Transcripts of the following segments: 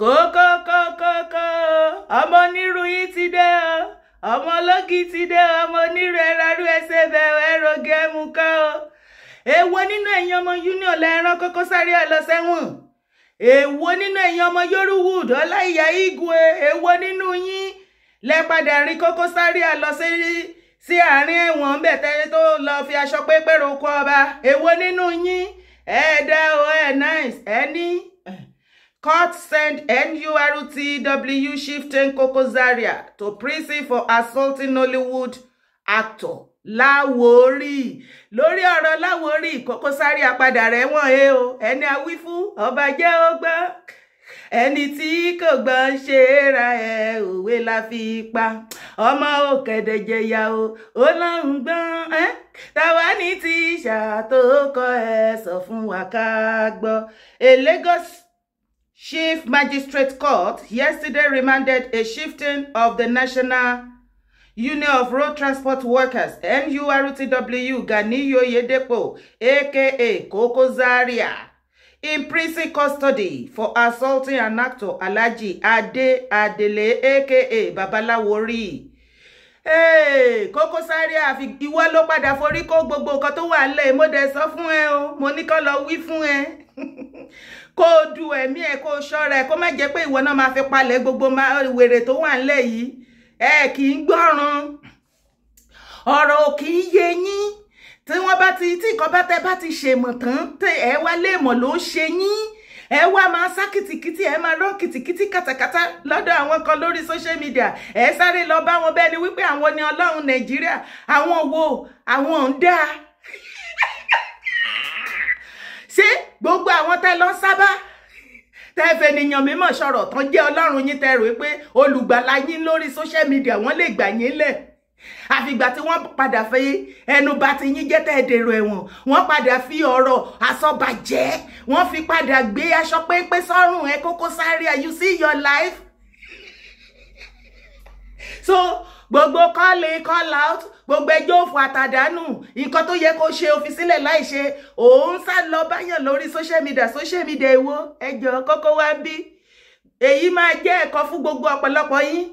kókókókókó ọmọ onírú yìí ti dé o ọmọ ológi ti dé o ọmọ onírú ẹrarú ẹsẹ bẹ̀rẹ̀ ẹrọgẹ mu ká o èwo nínú ẹ̀yin ọmọ union lẹ́ẹ̀rán Koko Zaria lọ sẹ́wọ̀n èwo nínú ẹ̀yin ọmọ Yorùwood Ọláìyá Igwe èwo nínú yín lẹ padà rí Koko Zaria lọ sí sí àárín ẹ̀wọ̀n bẹ̀ tẹ́lẹ̀ tó lọ fi aṣọ pépé roko ọba èwo nínú yín ẹ̀ẹ́dá o ẹ̀ náìs ẹ̀ ní. Court sent NURTW Shiften Koko to prison for assaulting Nollywood actor Láwórì. Lórí ọ̀rọ̀ Láwórì, Koko Zaria padà rẹ̀wọ̀n he o. Ẹni a wí fún, ọba jẹ́ ó gbọ́. Ẹni tí kò gbọ́n ṣe é ra ẹ̀ òwe la fi pa. Ọmọ òkèdè jẹyà o, ó lọ́hùn gbọ́n ẹ́. Táwa ní tíṣà tó kọ ẹ sọ fún wa ká gbọ́. Èlégọ́sì. E Chief Magistrate Court yesterday remanded a shifting of the National Union of Road Transport Workers, NURTW, Ganiyo Yedepo, aka Koko Zaria, in prison custody for assaulting an actor, Alaji Ade Adele, aka Babalawori. Hey, Koko Zaria fi ìwọ ló padà forí kó gbogbo nǹkan tó wà nílẹ̀ mo dẹ̀ sọ fún ẹ mo ní kó lọ wí fún ẹ kó o du ẹ̀mí ẹ̀ kó o ṣọ́ra ẹ̀ kó má jẹ́ pé ìwọ náà máa fi palẹ̀ gbogbo wèrè tó wà ńlẹ̀ yìí ẹ kì í gbọ́ràn ọ̀rọ̀ ò kì í yé yín tí wọ́n bá ti tí nǹkan bá tẹ bá ti ṣèmọ̀ tán tẹ ẹ wá léèmọ̀ ló ń ṣe yín ẹ wá máa sá kìtìkìtì ẹ máa rán kìtìkìtì kàtàkàtà lọ́dọ̀ àwọn kan lórí social media ẹ sáré lọ bá wọn bẹ́ẹ̀ ni wípé àwọn ni ọlọ́run nàìjíríà àwọn wo àwọn ń dáa ṣé gbogbo àwọn tẹ́ lọ sábà tẹ́ fẹ́ nìyàn mímọ̀ sọ̀rọ̀ tán jẹ́ ọlọ́run yín tẹ́ rò pé olùgbàlà yín lórí social media wọ́n lè gbà yín lẹ̀ àfìgbà tí wọ́n padà fi ẹnu bà ti yín jẹ́ tẹ́ ẹ dèrò ẹ̀wọ̀n wọ́n padà fi ọ̀rọ̀ àsọbàjẹ́ wọ́n fi padà gbé aṣọ péńpé sọ́rùn ẹ Koko Zaria you see your life so gbogbo call in call out gbogbo ẹjọ́ òfò àtàdánù nǹkan tó yẹ kó ṣe òfin sílẹ̀ láì ṣe òun sá lọ báyàn lórí social media social media èwo ẹjọ́ kókó wá bí èyí máa jẹ́ ẹ̀kọ́ fún gbogbo ọ̀pọ̀lọpọ̀ yín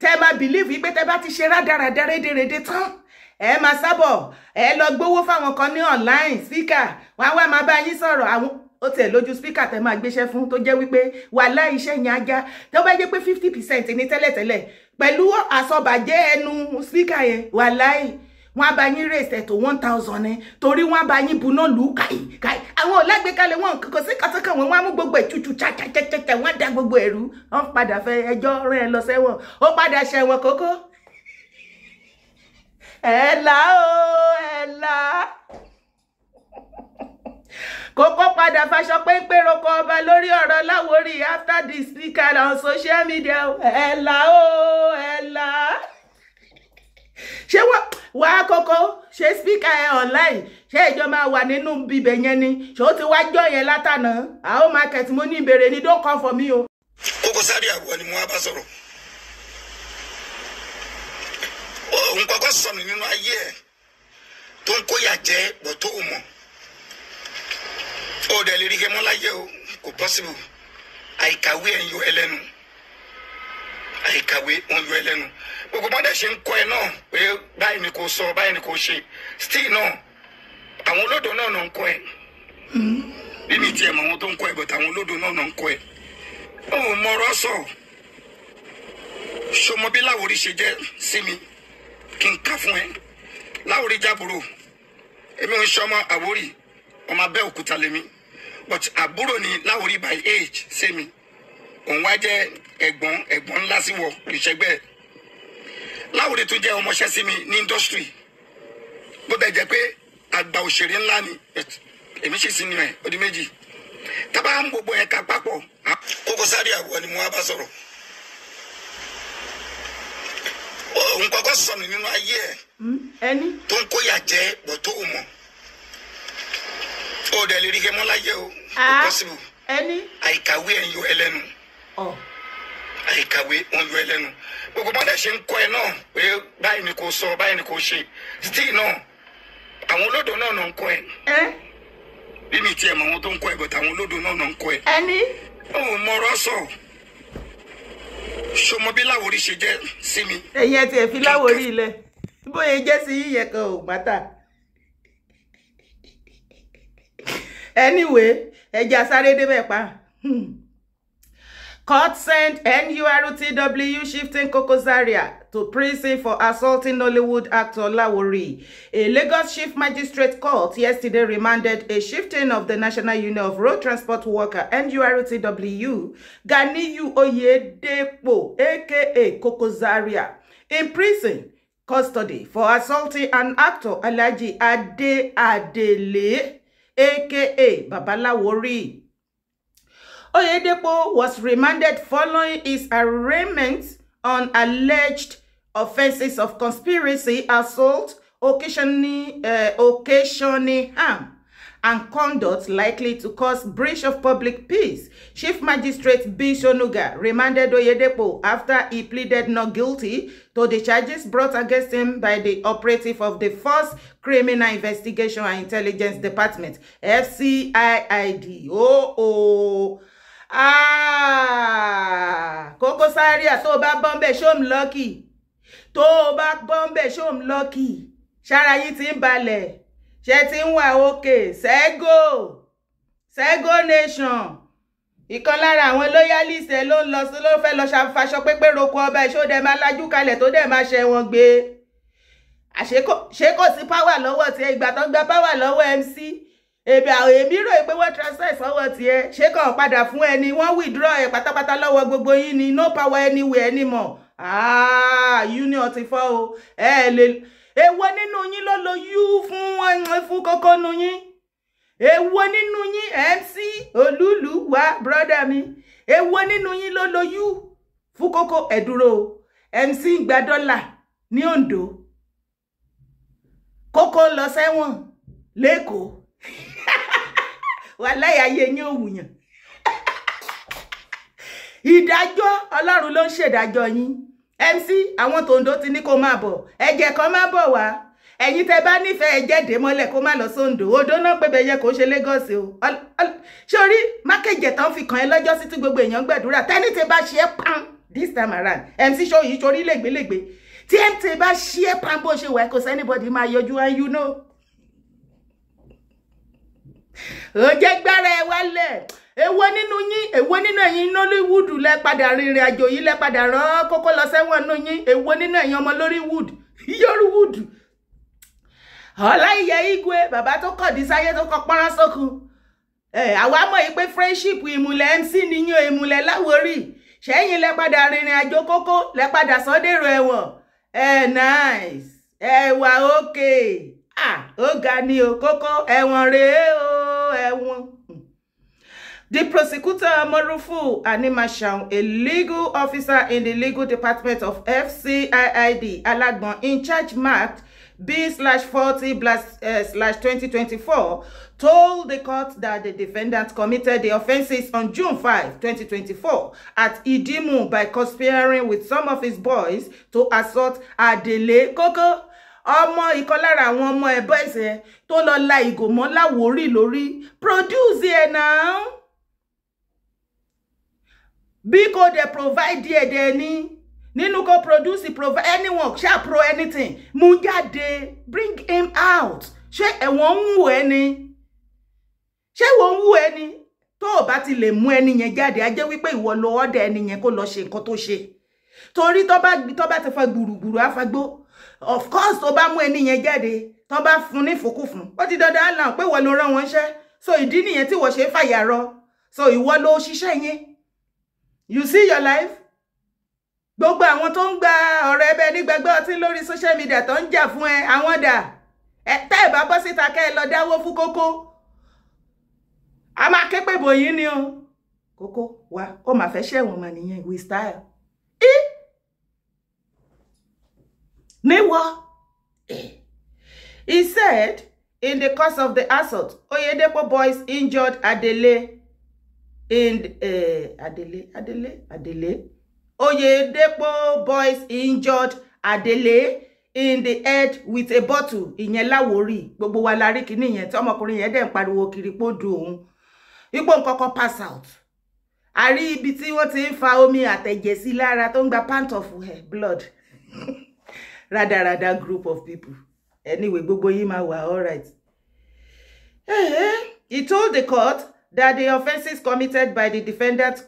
tẹ́ máa bìlíìfù yìí pé tẹ́ bá ti ṣe rádaràdá rédèrèdè tán ẹ máa sábọ̀ ẹ lọ gbowó fáwọn kan ní online speaker wá wá máa bá yín sọ̀rọ̀ àwọn ó tẹ̀ lójú spíkà tẹ̀ máa gbéṣẹ́ fún tó jẹ́ wípé wàhálà iṣẹ́ yẹn ajá tó bá jẹ́ pé fifty percent ní tẹ́lẹ̀tẹ́lẹ̀ pẹ̀lú àsọbàjẹ́ ẹnu síkà yẹn wàláì wọn bá yín rèsè tó one thousand ẹ torí wọn bá yín buná lù ú káyì káyì àwọn ọlágbékalẹ̀ wọn kò sí kàtàkàn wọn wọn mú gbogbo ẹtútù chàchàchàchà wọn da gbogbo ẹrú wọn padà fẹ ẹjọ́ rán ẹ lọ sẹ́wọ̀n ó padà ṣẹ̀wọ̀n kókó. ẹ là ó Koko padà faṣọ péńpé roko ọba lórí ọ̀rọ̀ Láwórì after the speaker on social media ẹ̀là o ẹ̀là. ṣé wàá kókó ṣe speaker ẹ online ṣé ìjọ máa wà nínú bíbẹ̀ yẹn ni ṣé ó ti wá jọ yẹn látànà àwọn market mo ní ìbéèrè ni don't come for me o. Koko Zaria àgọ́ ni mo wá bá sọ̀rọ̀ òun kọ́kọ́ sọnù nínú ayé ẹ̀ tó ń kóyà jẹ́ pọ̀ tó o mọ̀ ó dẹ̀ lè rí kẹ́ mọ́ láyé o kò pọ́sibù àìkàwé ẹ̀ ń yọ ẹlẹ́nu àìkàwé ń yọ ẹlẹ́nu gbogbo bọ́dẹ̀ ṣe ń kọ́ ẹ náà pé báyìí ni kò sọ báyìí ni kò ṣe still náà àwọn olódò náà náà ń kọ́ ẹ nínú hmm. tiẹ̀ mọ̀ àwọn tó ń kọ́ ẹ bọ̀tà àwọn olódò náà náà ń kọ́ ẹ ó mọ ọ̀rọ̀ sọ ṣọmọ bí láwòrí ṣe jẹ́ sí mi kí n ká fún ẹ láwòrí jábòrò èmi ò ń ṣọmọ àwórì ọmọ Abẹ́òkúta lèmi but àbúrò ni láwòrí by age ṣé mi òun wá jẹ́ ẹ̀gbọ́n ẹ̀gbọ́n ńlá sí wọ ìṣẹ́gbẹ́ láwòrí tún jẹ́ ọmọọṣẹ́ sí mi ní industry bó bẹ jẹ́ pé àgbà òṣèré ńlá ni èmi sì sinmi ẹ̀ ọdún méjì tábà ń gbogbo ẹ̀ ká papọ̀. Koko Zaria àwọ̀ ni mo wá bá sọ̀rọ̀ òun kọ́kọ́ sọnù nínú ayé ẹ̀ hmm, tó ń kóyà jẹ́ bọ̀ tó mọ̀ ó dẹ̀ lè rí kẹ́mọ́ láyé o ah possible ẹni àìkàwé ẹ̀ ń yọ ẹlẹ́nu oh. àìkàwé ń yọ ẹlẹ́nu gbogbo bọ́dẹ ṣe ń kọ́ ẹ náà pé báyìí ni kò sọ báyìí ni kò ṣe still náà àwọn olódò náà náà ń kọ́ ẹ eh? bí mi tiẹ̀ mọ̀ wọn tó ń kọ́ ẹ bọ̀tà àwọn olódò náà náà ń kọ́ ẹ ẹni ó mọ̀rọ̀ sọ sọmọ bí láwòrí ṣe jẹ́ sí mi. ẹ̀yin ẹ tiẹ̀ fi láwòrí ilẹ̀ bóyá jẹ́ sí yíyẹ kan ò gbàtà. anyway ẹja sáré débẹ̀ pa. Hmm. Court sent NURTW shifting Koko to prison for assaulting Nollywood actor Lawori. A Lagos Chief Magistrate Court yesterday remanded a shifting of the National Union of Road Transport Worker NURTW Ganiyu Oyedepo aka Koko in prison custody for assaulting an actor Alhaji Ade Adele aka babaláwo rí oyedepo was remanded following his arraignment on alleged offences of conspiracy assault occasioning, uh, eh, occasioning harm and conduct likely to cause breach of public peace. Chief Magistrate B. Sonuga remanded Oyedepo after he pleaded not guilty to the charges brought against him by the operative of the 1 Criminal Investigation and Intelligence Department, FCIID. Oh, oh. Ah, Koko Zaria tó bá show ṣóòm lucky, tó bá bọ́m̀bẹ̀ ṣóòm lọ́kì ṣára yìí ti ń balẹ̀ ṣe ti ń wà òkè sẹ́gò sẹ́gò nation ìkan lára àwọn loyalist ẹ ló ń lọ sí ló fẹ́ lọ ṣàfàṣọ pépé roko ọba ẹ̀ ṣó dẹ̀ máa lajú kalẹ̀ tó dẹ̀ máa ṣẹ̀wọ̀n gbé ṣé kò sí páwà lọ́wọ́ tiẹ̀ ìgbà tó ń gba páwà lọ́wọ́ MC èbè àwọn èmi rò pé wọ́n transfer sọ́wọ́ tiẹ̀ ṣé kàn padà fún ẹni wọ́n withdraw ẹ̀ pátápátá lọ́wọ́ gbogbo yín ni no power anywhere anymore ah union ti fọ́ o ẹ lè èwo nínú yín ló lo u fún eh, fún kókó nu yín èwo nínú yín MC olúlu wa brọ́dà mi èwo nínú yín ló lo u fún kókó ẹ̀dúró MC ń gba dọ́là ní Ondo kókó lọ sẹ́wọ̀n lẹ́kọ̀ọ́ wàláyà ayé yín òwúyàn ìdájọ́ ọlọ́run ló ń ṣèdájọ́ yín MC àwọn tòǹdó ti ní kó máa bọ̀ ẹ̀jẹ̀ kan máa bọ̀ wá ẹ̀yin tẹ bá nífẹ̀ẹ́ ẹ̀jẹ̀ dé mọ́lẹ̀ kó má lọ sóńdò odò náà pé bẹ́ẹ̀ yẹ kó ṣe Lagos o sórí mákèjẹ̀ tán fi kàn ẹ́ lọ́jọ́ sí tí gbogbo èèyàn gbàdúrà tẹ́ni tẹ bá ṣe é pan this time around MC show yìí sórí lẹ́gbẹ̀lẹ́gbẹ̀ tí MC bá ṣe é pan bó ṣe wà kò sẹ́ anybody máa yọjú and you know. ó jẹ́ gbára ẹ wálẹ̀ èwo nínú yín èwo nínú ẹ̀yin nollywood lẹ padà rìnrìn àjò yìí lẹ padà rán kókó lọ sẹ́wọ̀n nínú yín èwo nínú ẹ̀yin ọmọ lollywood yorwood ọláìyẹ igwe bàbá tó kọ̀ dí sáyé tó kọ pọ́nrán sókù àwa mọ̀ yìí pé friendship ìmùlẹ̀ mc níyàn ìmùlẹ̀ láwórì ṣẹ́yìn lẹ padà rìnrìn àjò kókó lẹ padà sọ́dẹ̀rọ̀ ẹ̀wọ̀n ẹ̀ nice ẹ̀wà òkè ó ga ni o kókó ẹ̀wọ̀n rèé o ẹ̀wọ̀n. The prosecutor, Morufu Animashaun, a legal officer in the legal department of FCIID, Alagbon, in charge marked B slash 40 eh, slash 2024, told the court that the defendant committed the offenses on June 5, 2024, at Idimu by conspiring with some of his boys to assault Adele Koko. ọmọ ìkan lára àwọn ọmọ ẹ̀bọ́ ẹ̀sẹ̀ tó lọ la ìgò mọ́ láwòrí lórí produce ẹ̀ now bí kò dẹ̀ provide díẹ̀ dẹ̀ ní nínú kò produce provide anyone ṣá pro anything mú jáde bring him out ṣé ẹ̀wọ̀n ń wù ẹ́ ni ṣé ìwọ ń wù ẹ́ ni tó o bá ti lè mú ẹni yẹn jáde á jẹ́ wípé ìwọ lo ọ̀dẹ̀ ẹni yẹn kó lọ ṣe nǹkan tó ṣe torí tó bá ti fa gbùrùgbùrù àfagbó of course tó bá mú ẹni yẹn jáde tó bá fún ní fòkúfún ó ti dandan á làn pé ìwọ ló rán wọn ṣẹ́ so ìdí nìyẹn tí ìwọ ṣe fàyà rọ so ìwọ ló ṣiṣẹ́ yẹn you see your life gbogbo àwọn tó ń gba ọ̀rọ̀ ẹbẹ ní gbẹgbẹ ọtí lórí social media tó ń jà fún ẹ àwọn dà ẹ tẹ́ ẹ bá bọ́ síta kẹ́ ẹ lọ dáwó fún kókó a máa ké pé bòyí ni o kókó wa ó máa fẹ́ ṣẹ̀wọ̀n mà nìyẹn with style í níwọ he said in the course of the assault Oyedepo boys injured Adele and uh, Adele, Adele, Adele. Oyedepo boys injured Adele in the head with a bottle. Ìyẹn láwórí. Gbogbo wa la rí kíní yẹn tí ọmọkùnrin yẹn dẹ̀ ń pariwo kiri po du òun. Ipo nkoko pass out. A rí ibi tí wọ́n ti ń fa omi àtẹ̀jẹ̀ sí lára tó pant of her blood. Rádaràda group of people. Anyway, gbogbo yín máa wà all right. eh. eh. He told the court that the offenses committed by the defendant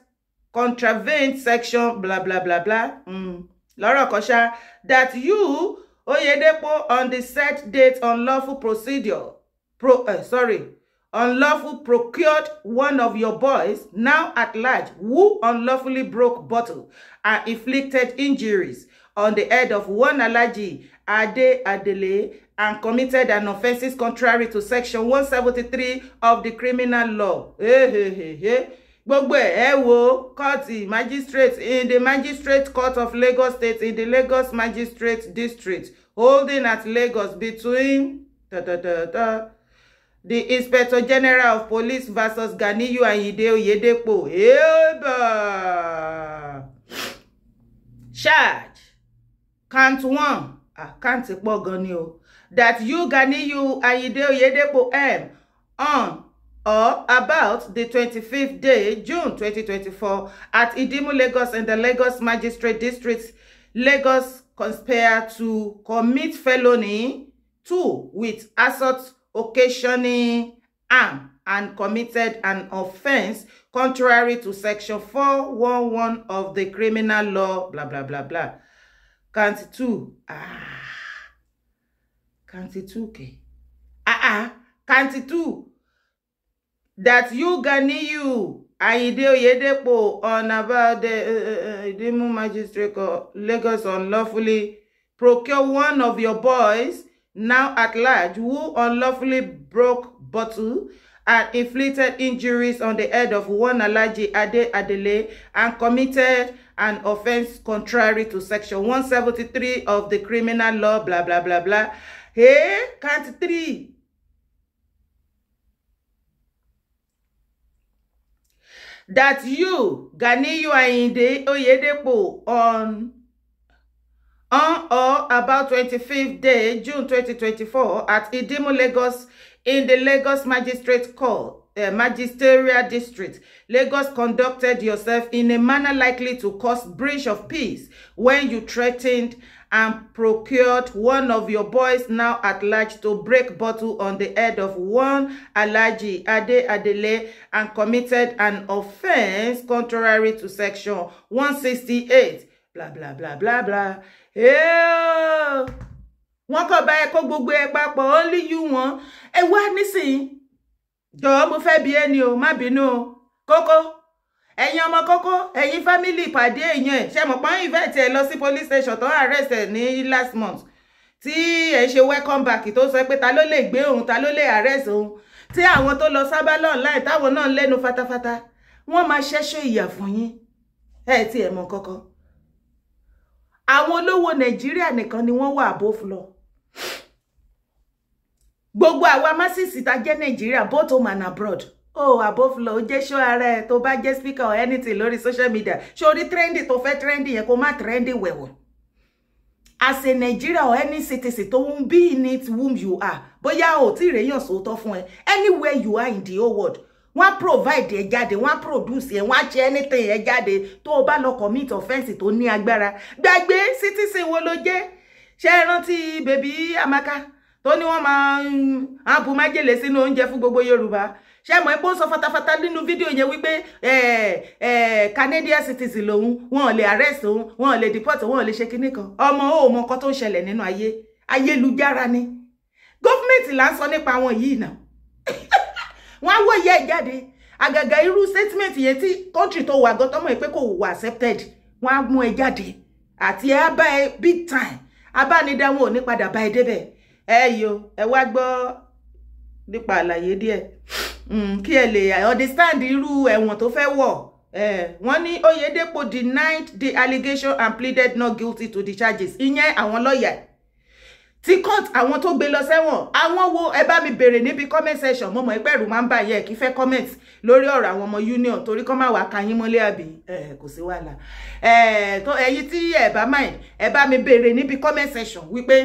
contravened section blah blah blah blah mm. Laura Kosha, that you Oyedepo on the set date unlawful procedure pro uh, sorry unlawful procured one of your boys now at large who unlawfully broke bottle and inflicted injuries on the head of one Alhaji Ade Adele and committed an offenses contrary to section 173 of the criminal law. Hey, hey, hey, gbogbo ẹ wo kóòtù magistrate in the magistrate court of Lagos State in the Lagos magistrate district holding at Lagos between da, da, da, da, the inspector general of police vs Ganiyu Ayinde Oyedepo eba charge count one àkáǹtì pọ̀ gan ni o that you Ganiyu Ayinde Oyedepo M on or about the twenty th day, June 2024, at Idimu, Lagos and the Lagos Magistrate District, Lagos conspire to commit felony, two, with assault occasioning harm and committed an offence contrary to section 411 of the criminal law, blah, blah, blah, blah count two ah count two kẹ̀ ah ah count two that you Ganiyu Ayinde Oyedepo on about the uh, uh, magistrate magistrate Lagos unlawfully procure one of your boys now at large who unlawfully broke bottle and inflicted injuries on the head of one Alhaji Ade Adele and committed an offense contrary to section 173 of the criminal law, blah, blah, blah, blah. Hey, count three. That you, Gani, you are in the Oyedepo, on on or about 25th day, June 2024, at Idimu, Lagos, in the Lagos Magistrate Court, uh, magisterial district, Lagos conducted yourself in a manner likely to cause breach of peace when you threatened and procured one of your boys now at large to break bottle on the head of one Alaji Ade Adele and committed an offense contrary to section 168 blah blah blah blah blah. Yeah, wọ́n kàn bá ẹ kó gbogbo only you one. And what missing? jọ̀ọ́ mo fẹ́ bi ẹni o ma bínú o kókó ẹ̀yin ọmọ kókó ẹ̀yin fámìlì ìpàdé èèyàn ẹ̀ ṣe mọ̀ pọ́n ìfẹ́ tiẹ̀ lọ sí police station tó arrest ẹ̀ ni last month tí ẹ̀ ṣe welcome back tó sọ pé ta ló lè gbé òun ta ló lè arrest òun tí àwọn tó lọ sábàlọ́ online táwọn náà lẹ́nu fatafata wọ́n ma ṣẹ́ṣọ́ ìyà fún yín ẹ̀ tí ẹ̀ mọ̀ kọ́kọ́ àwọn olówó nàìjíríà nìkan ni wọ́n wà above law gbogbo àwa masisi ta jẹ́ nàìjíríà both home and abroad oh above law jẹ́ ṣọ́ ara ẹ̀ tó bá jẹ́ speaker or anything lórí social media ṣorí trendy tó fẹ́ trendy yẹn kó má trendy wẹ̀wọ̀ as a Nigeria or any citizen tó ń bí in it whom you are bóyá o tí rèéyàn sòótọ́ fún ẹ anywhere you are in the whole world wọ́n provide ẹ jáde wọ́n produce ẹ wọ́n ṣe anything ẹ jáde tó o bá lọ commit offence tó ní agbára gbàgbé citizen wo ló jẹ́ ṣe é rántí bèbí Amaka tó ní wọ́n máa ń bu májèlé sínú oúnjẹ fún gbogbo Yorùbá ṣé mọ̀ epo ń sọ fatafata nínú fídíò yẹn wípé Canadian citizen lòun wọn ò lè arrest òun wọn ò lè deport wọn ò lè ṣe kinní kan ọmọ ò mọ nǹkan tó ń ṣẹlẹ̀ nínú ayé ayélujára ni gọ́fíńmẹ̀ntì là ń sọ nípa àwọn yìí náà wọ́n á wòye ẹ̀ jáde àgàgà irú statement yẹn tí country tó wà gan tọmọ ẹ pé kò wà accepted wọ́n á mú ẹ jáde àti ẹ á bá ẹ big time abánidá wọn ò ní padà bá ẹ débẹ̀ ẹ yo ẹ wá gbọ́ nípa àlàyé díẹ̀ hmm, kí ẹ lè understand irú ẹ̀wọ̀n tó fẹ́ wọ̀ wọ́n ní Oyedepo denied the allegation and pleaded not guilty to the charges ìyẹn àwọn lọ́ọ̀yà tí court àwọn tó gbé lọ sẹ́wọ̀n àwọn wo ẹ bá mi bèrè níbi comment section mo mọ̀ ẹgbẹ́ ẹ̀rù máa ń bà yẹ kí fẹ́ comment lórí ọ̀rọ̀ àwọn ọmọ union torí kọ́ máa wà kayín mọ́lé àbí kò sí wàhálà tó ẹ̀yin tí ẹ bá mind ẹ bá mi bèrè níbi comment section wípé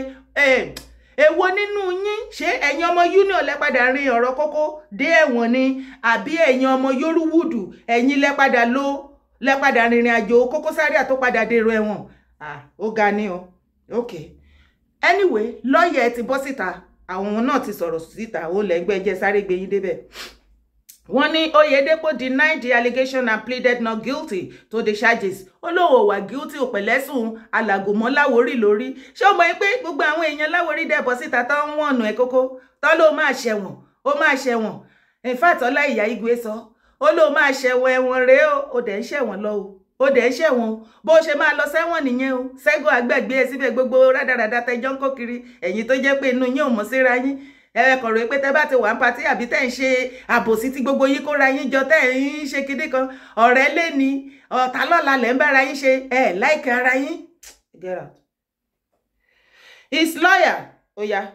èwo nínú yín ṣé ẹ̀yin ọmọ union lẹ padà rin ọ̀rọ̀ kókó dé ẹ̀wọ̀n ni àbí ẹ̀yin ọmọ yorùwùdù ẹ̀yin lẹ padà lọ lẹ padà rìnrìn àjò Koko Zaria tó padà dèrò ẹ̀wọ̀n ó ga ni o ok anyway lọ́ọ̀yà ẹ ti bọ́ síta àwọn náà ti sọ̀rọ̀ síta ó lẹ́gbẹ́ jẹ́ sáré gbé débẹ̀ wọ́n ní Oyedepo denied the allegation and pleaded not guilty to the charges ó lóun ò wà guilty ò pẹ̀lẹ́sùn alàgòmọ́ láwórí lórí ṣé o mọ̀ pé gbogbo àwọn èèyàn láwórí dẹ̀bọ̀ síta tó ń wọ̀nù ẹ̀ kókó tó ló máa ṣẹ̀wọ̀n ó máa ṣẹ̀wọ̀n in fact ọlá ìyá igwe sọ ó lóun máa ṣẹ̀wọ̀n ẹ̀wọ̀n rèé o ó dẹ̀ ń ṣẹ̀wọ̀n lọ o ó dẹ̀ ń ṣẹ̀wọ̀n bó ṣe máa lọ sẹ́wọ̀n nìyẹn o Ṣẹ́gun àgbẹ̀gbẹ̀ síbẹ̀ gbogbo rádaràda tẹjọ́ ń kó kiri ẹ̀yin tó jẹ́ pé inú yín ò mọ̀ síra yín ẹ kàn pé tẹ bá ti wà ń patí àbí tẹ ń ṣe àbòsí tí gbogbo yín kóra yín jọ tẹ ń ṣe kinní kan ọ̀rẹ́ lé ní ọ̀tá lọ́la lẹ ń bára yín ṣe ẹ láìka ara yín his lawyer oya oh yeah.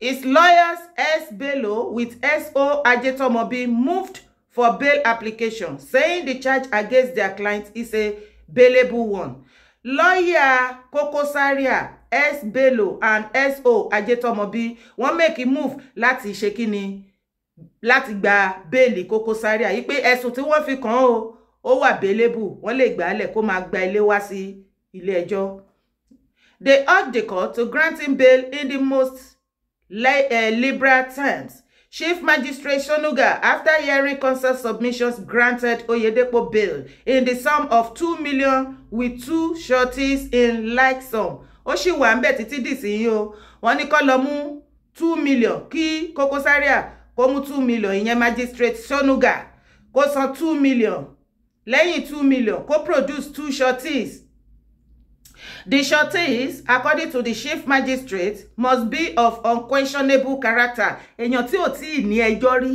his lawyers S Bello with S.O. Ajetomobi moved for bail application saying the charge against their client is a bailable one lawyer Kokosaria s bello and so ajetomobi wọ́n make move láti ṣe kíni láti gba béèlì Koko Zaria yìí pé ẹ̀sùn tí wọ́n fi kàn án o ó wà bélébù wọ́n lè gbà á lẹ̀ kó máa gba ilé wá sí ilé ẹjọ́ they urge the court to grant him bail in the most eh, liberal terms Chief Magistrate Sonuga, after hearing consent submissions, granted Oyedepo bail in the sum of two million with two sureties in like sum ó sì wà ń bẹ̀ títí dìsín o wọ́n ní kó lọ mú two million kí Koko Zaria kó mú two million ìyẹn magistrate Sonuga kó san two million lẹ́yìn two million kó produce two shorties The shorties, according to the chief magistrate, must be of unquestionable character. Èèyàn tí ò tí ì ní ẹjọ́ rí,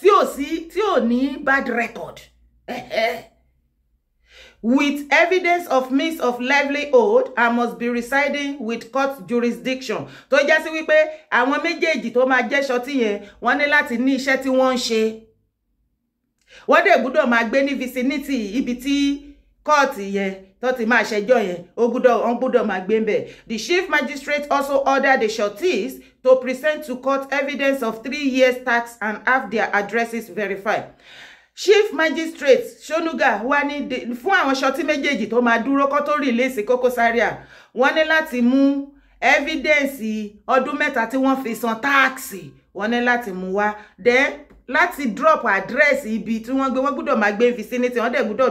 tí ò sí, tí ò ní bad record with evidence of means of livelihood and must be residing with court jurisdiction tó já sí wípé àwọn méjèèjì tó máa jẹ́ ṣọtí yẹn wọ́n ní láti ní iṣẹ́ tí wọ́n ń ṣe wọ́n dẹ̀ gbúdọ̀ máa gbé ní vicinity ibi tí kóòtù yẹn tó ti máa ṣẹjọ́ yẹn ó gbúdọ̀ wọ́n gbúdọ̀ máa gbé bẹ̀ the chief magistrate also ordered the shorties to present to court evidence of three years tax and have their addresses verified chief magistrate sonuga wà ní fún àwọn ṣọtí méjèèjì tó máa dúró kó tó rìlẹ́sì Koko Zaria wọ́n ní láti mú ẹ́fídẹ́ǹsì ọdún mẹ́ta tí wọ́n fi san táàksì wọ́n ní láti mú wá dẹ́ láti drop address ibi tí wọ́n gbé wọ́n gbúdọ̀ máa gbé vicinity wọ́n dẹ̀ gbúdọ̀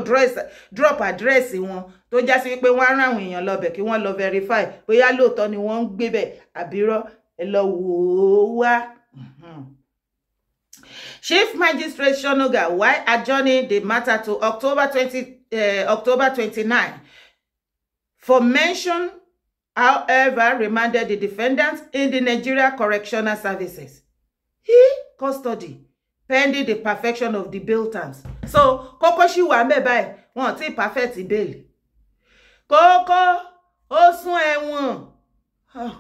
drop address wọn tó já sí wípé wọ́n á rán àwọn èèyàn lọ́bẹ̀ kí wọ́n lọ verify bóyá lóòótọ́ ni wọ́n ń gbébẹ̀ àbírọ́ ẹ lọ wò ó wá. Mm-hmm. Chief Magistrate Shonoga, why adjourning the matter to October 20, uh, eh, October 29 for mention, however, remanded the defendants in the Nigeria Correctional Services. He custody pending the perfection of the bail terms. So, kókó ṣì wà ńbẹ̀ báyìí, wọ́n ti perfect bail. Kókó ó sún ẹ̀wọ̀n. Ah,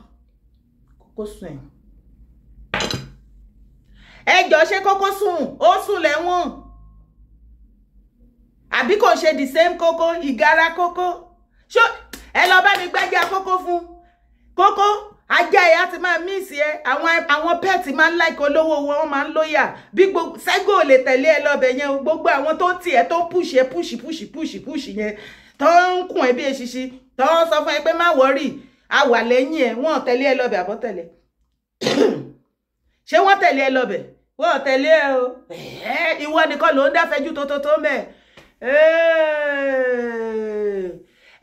kókó sún ẹ̀wọ̀n ẹjọ́ ṣe kókó sùn ó sùn lẹ́wọ̀n àbí kò ṣe the same kókó ìgara kókó ṣó ẹ lọ bá mi gbájá kókó fún kókó ajá ẹ ti máa míìsì ẹ àwọn àwọn pẹ́ẹ̀tì máa ń láìkó lówó wọn máa ń lóyà bí gbogbo sẹ́gò lè tẹ̀lé ẹ lọ́bẹ̀ yẹn gbogbo àwọn tó ń tì ẹ tó ń pùṣì ẹ pùṣì pùṣì pùṣì pùṣì yẹn tó ń kùn ẹ bí eṣinṣin tó ń sọ fún ẹ pé má wọ́rì a wà lẹ́yìn ẹ wọ́n tẹ̀lé ẹ lọ́bẹ̀ àbọ̀ tẹ̀lé ṣé wọ́n tẹ̀lé ẹ lọ́bẹ̀ wọ́n tẹ̀lé o ìwọ nìkan ló ń dáfẹ́jú tó tó tó mẹ́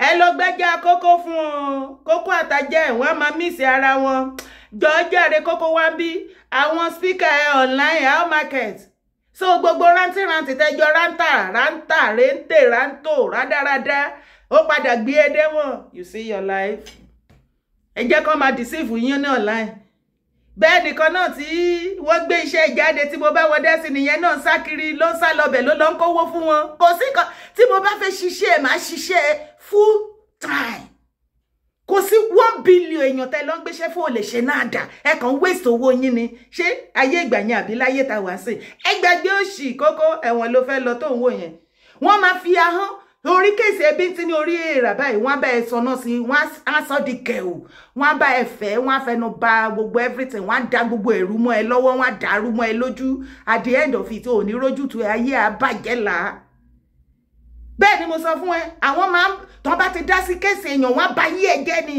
ẹ lọ gbẹ́jà kókó fún un kókó àtàjẹ́ wọ́n máa mísì ara wọn jọjọ́re kókó wá bí àwọn spíkà ẹ online how market so gbogbo rántírantì tẹjọ rántà rántà réńtè rántò rádáradá ó padà gbé e dé wọn you see your life ẹ jẹ́ kó máa deceive yín ní online bẹ́ẹ̀ nìkan náà tí wọ́n gbé iṣẹ́ ìjáde tí mo bá wọn dẹ́ sí nìyẹn náà ń sá kiri ló ń sá lọbẹ̀ ló lọ ń kówó fún wọn kò sí kan tí mo bá fẹ́ ṣiṣẹ́ màá ṣiṣẹ́ full time kò sí one billion èèyàn tẹ́ lọ ń gbéṣẹ́ fún olè ṣe náà dà ẹ kàn waste owó yín ni ṣé ayé ìgbà yẹn àbí láyé ta wá sí ẹgbẹgbẹ òṣì kókó ẹ̀wọ̀n ló fẹ́ lọ tó ń wò yẹn wọ́n máa fi ahọ́n torí kéèsì ẹbí tí ní orí èrà báyìí wọ́n bá ẹ sọ náà sí wọ́n á sọ di kẹ̀ù wọ́n bá ẹ fẹ́ wọ́n á fẹnu ba gbogbo everything wọ́n á da gbogbo ẹ̀rú mọ́ ẹ lọ́wọ́ wọ́n á dàrú mọ́ ẹ lójú at the end of it ò ní rójútu ayé àbàjẹ́ là á. bẹ́ẹ̀ ni mo sọ fún ẹ àwọn máa ń tán bá ti dá sí kéèsì èèyàn wọ́n á ba yí ẹ jẹ́ ni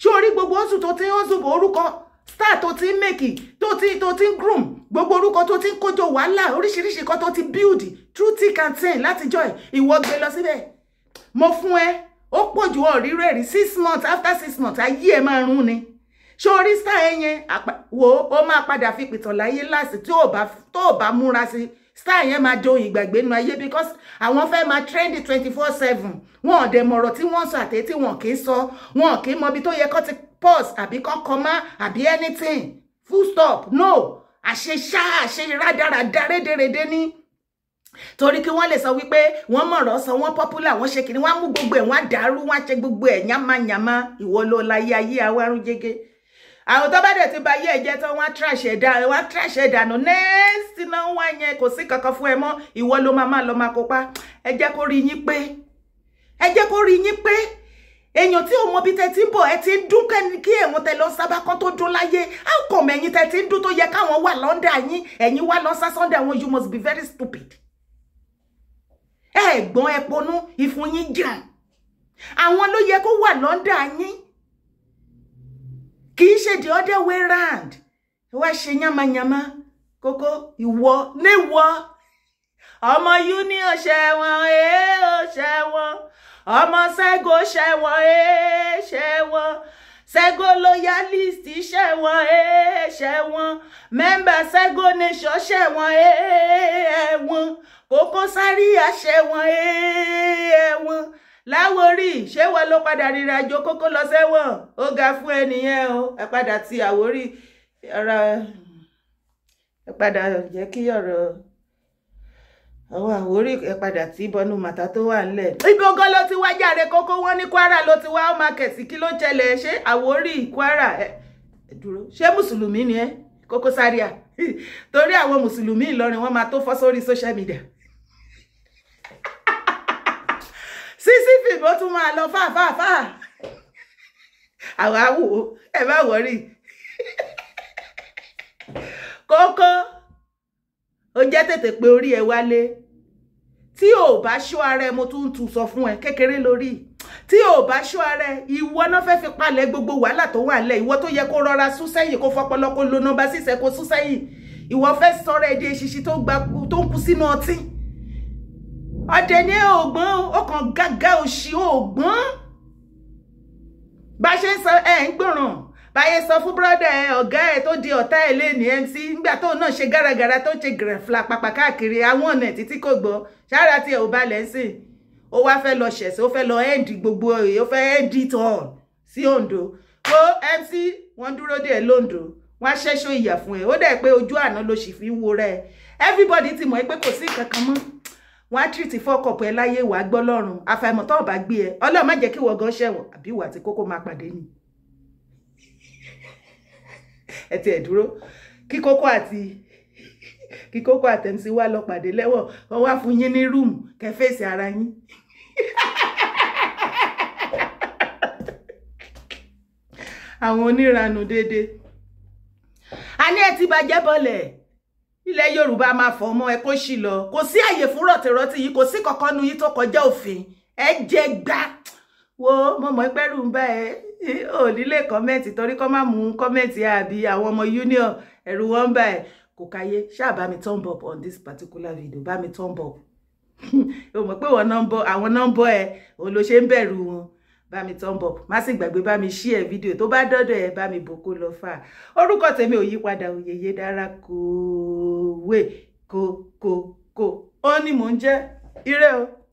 ṣé orí gbogbo oṣù tó ti ń oṣù bò orúkọ star tó ti ń make tó ti tó ti ń groom gbogbo orúkọ tó ti ń kójọ wàhálà oríṣiríṣi kan tó ti build through thick and thin látijọ́ ẹ̀ ìwọ gbé lọ síbẹ̀ mo fún ẹ ó pọ̀ jù ọ rírọ̀ six months after six months ayé ẹ̀ máa rún ni ṣé orí star ẹ yẹn wo ó máa padà fi pìtàn láyé láàsì tí ò bá tó ò bá múra sí star yẹn máa dohun ìgbàgbé nu ayé because àwọn fẹ́ máa trendy twenty four seven wọn ò dẹ̀ mọ̀rọ̀ tí wọ́n sọ àtẹ̀tí wọn kì í sọ wọn kì í mọ ibi tó yẹ kó ti pause àbí kán kọmá àbí anything full stop no àṣeṣá àṣe rádaràda rédèrèdè ní torí kí wọ́n lè sọ wípé wọ́n mọ̀rọ̀ sọ wọ́n popular wọ́n ṣe kìíní wọ́n á mú gbogbo ẹ̀ wọ́n á dàrú wọ́n á ṣe gbogbo ẹ̀ yánmáyánmá ìwọ ló láyé ayé awárún jẹgẹ àwọn tó bá dẹ̀ ti ba ayé ẹ̀jẹ̀ tán wọ́n á trash ẹ̀dá wọ́n á trash ẹ̀dá nù nẹ́ẹ̀sì náà wá yẹn kò sí kankan fún ẹ mọ́ ìwọ máa máa lọ máa kópa ẹ jẹ́ kó rí yín pé ẹ jẹ́ kó rí yín pé èèyàn tí ò mọ bí tẹ ti ń bọ̀ ẹ ti ń dún kí èèyàn tẹ lọ sábà kan tó dún láyé how come ẹ̀yin tẹ ti ń dún tó yẹ káwọn wà lọ́ndà yín ẹ̀yin wà lọ́sà sunday àwọn you must be very stupid. ẹ̀gbọ́n ẹ ponú ìfun yín jàn àwọn ló yẹ kó wà lọ́ndà yín kì í ṣe the other way round wá ṣe yánmayánmá kókó ìwọ níwọ ọmọ union ṣẹ̀wọ̀n èèyàn eh, ṣẹ̀wọ̀n ọmọ Ṣẹ́gun ṣẹ̀wọ̀n ẹ̀ ṣẹ̀wọ̀n Ṣẹ́gun loyalist ṣẹ̀wọ̀n ẹ̀ ṣẹ̀wọ̀n mẹ́mbà Ṣẹ́gun nation ṣẹ̀wọ̀n ẹ̀ ẹ̀wọ̀n Koko Zaria ṣẹ̀wọ̀n ẹ̀ ẹ̀wọ̀n láwórí ṣé wọn ló padà rìnrìn àjò kókó lọ sẹ́wọ̀n ó ga fún ẹnìyẹn o ẹ padà ti àwórí ọ̀rọ̀ ẹ padà jẹ́ kí ọ̀rọ̀ àwọn àwòrí ẹ padà tí bọnú màtá tó wà nílẹ̀. ibi ogan ló ti wá jàre kókó wọn ní kwara ló ti wá ó máa kẹ̀sì kí ló ṣẹlẹ̀ ṣé àwòrí kwara ẹ dúró ṣé mùsùlùmí ni ẹ Koko Zaria torí àwọn mùsùlùmí Ìlọrin wọn máa tó fọ́ sórí social media. sísí fìbọn tún máa lọ fáfáfá àwọn àwò ẹ má wọrí Koko ó jẹ́ tètè pé orí ẹ wálé tí ò bá ṣọ́ ara ẹ mo tún tún sọ fún ẹ kékeré lórí tí ò bá ṣọ́ ara ẹ ìwọ náà fẹ́ fi palẹ̀ gbogbo wàhálà tó wà lẹ̀ ìwọ tó yẹ kó rọra sún sẹ́yìn kó fọpọlọ kó lo nọ́mbà sísẹ kó sún sẹ́yìn ìwọ fẹ́ sọ̀rọ̀ ẹ di eṣiṣi tó ń kú sínú ọtí ọdẹ ní ògbọ́n ó gágá òṣì ògbọ́n bá ṣe ń sọ ẹ ń gbọ̀ràn báyé sọ fún brọ́dà ẹ ọ̀gá ẹ tó di ọ̀tá ẹ lẹ́ni MC nígbà tóun náà ṣe gáragàra tó ṣe gẹ̀rẹ̀fla pàpà káàkiri àwọn ọ̀nà títí kò gbọ́ ṣáàrà tí ẹ ò balẹ̀ ń sìn ó wá fẹ́ lọ ṣẹ̀ṣẹ̀ ó fẹ́ lọ ẹ́ǹdì gbogbo ẹ̀ ó fẹ́ ẹ́ǹdì tán sí Ondo ó MC wọ́n dúró dé ẹ lóńdó wọ́n á ṣẹ́ṣọ́ ìyà fún ẹ ó dẹ̀ pé ojú àná ló sì fi ń wo rẹ everybody ti mọ̀ pé kò sí nǹkan kan mọ́ wọ́n á tìrìtì fọ́kọ̀pọ̀ ẹ láyé wàá gbọ́ lọ́rùn àfàìmọ̀ tó bá gbé ẹ ọlọ́run má jẹ́ kí wọ́n gan ṣẹ̀wọ̀n àbí ìwà àti kókó máa pàdé ni ẹ tiẹ̀ dúró kí Koko àti kí Koko àtẹ̀mísí wá lọ pàdé lẹ́wọ̀ wọ́n wá fún yín ní rúùmù kẹ́ fèsì ara yín. àwọn oníranù dédé a ní ẹ ti bàjẹ́ bọ́lẹ̀ ilẹ̀ Yorùbá máa fọ ọmọ ẹ kó sì lọ kò sí àyè fún rọ̀tìrọ̀tì yìí kò sí kankan nu yìí tó kọjá òfin ẹ jẹ gbá wo mo mọ̀ pẹ́rù ń bá ẹ ò nílé kọ́mẹ́ǹtì torí kọ́ má mú kọ́mẹ́ǹtì àbí àwọn ọmọ union ẹ̀rù wọn bá ẹ̀ kò káyé ṣáà bá mi turn up on this particular video bá mi turn up o mọ̀ pé àwọn nọ́mbọ̀ ẹ̀ òun ló ṣe ń bẹ̀rù wọn bá mi turn up má sì gbàgbé bá mi share video tó bá dọ́dọ̀ ẹ̀ bá mi bò kó lọ fà orúkọ tèmi ò yípadà òyeye dára kòwé kòkòkò ó ní mò ń jẹ́ ire o.